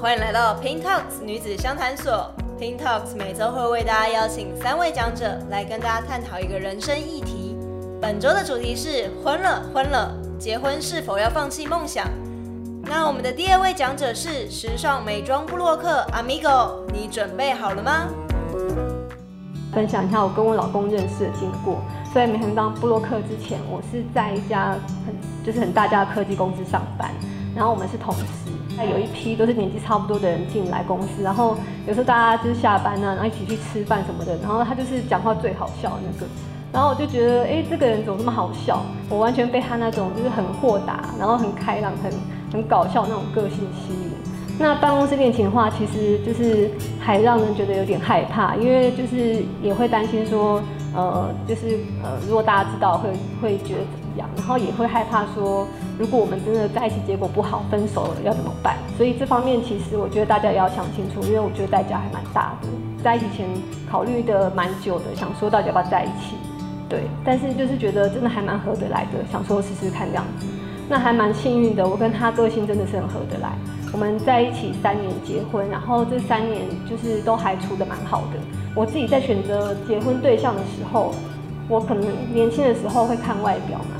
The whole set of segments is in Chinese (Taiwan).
歡迎來到 Pink Talks 女子相談所。Pink Talks 每周會為大家邀請三位講者來跟大家探討一個人生議題。本周的主題是：婚了，婚了，結婚是否要放棄夢想？那我們的第二位講者是時尚美妝部落客 Amigo，你準備好了嗎？分享一下我跟我老公認識的經過。在每天當部落客之前，我是在一家很就是很大家的科技公司上班。然後我們是同事，那有一批都是年紀差不多的人進來公司，然後有時候大家就是下班呢、啊，然後一起去吃飯什麼的。然後他就是講話最好笑的那個，然後我就覺得，哎，這個人怎麼那麼好笑？我完全被他那種就是很豁達，然後很開朗，很很搞笑那種個性吸引。那辦公室戀情的話，其實就是還讓人覺得有點害怕，因為就是也會擔心說，呃，就是呃，如果大家知道會會覺得。然後也會害怕說，如果我們真的在一起，結果不好，分手了要怎麼辦？所以這方面其實我覺得大家也要想清楚，因為我覺得代價還蠻大的。在一起前考慮得蠻久的，想說到底要不要在一起？對，但是就是覺得真的還蠻合得來的，想說試試看這樣子。那還蠻幸運的，我跟他個性真的是很合得來。我們在一起三年，結婚，然後這三年就是都還處得蠻好的。我自己在選擇結婚對象的時候。我可能年輕的時候會看外表嘛，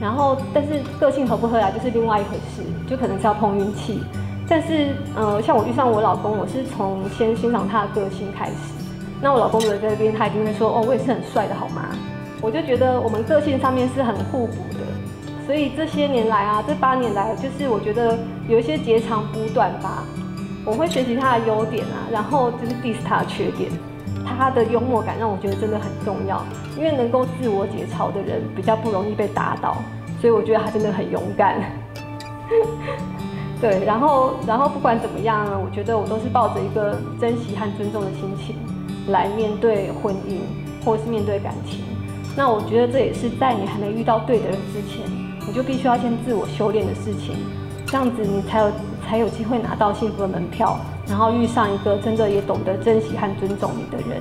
然後但是個性合不合來就是另外一回事，就可能是要碰運氣。但是，嗯、呃，像我遇上我老公，我是從先欣賞他的個性開始。那我老公在那邊，他一定會說，哦，我也是很帥的，好嗎？我就覺得我們個性上面是很互補的。所以這些年來啊，這八年來，就是我覺得有一些截長補短吧。我會學習他的優點啊，然後就是 diss 他的缺點。他的幽默感讓我覺得真的很重要，因為能夠自我解嘲的人比較不容易被打倒，所以我覺得他真的很勇敢。 對，然後然後不管怎麼樣，我覺得我都是抱着一個珍惜和尊重的心情來面對婚姻，或是面對感情。那我覺得這也是在你還沒遇到對的人之前，你就必須要先自我修煉的事情。這樣子你，你才有才有機會拿到幸福的門票，然後遇上一個真的也懂得珍惜和尊重你的人。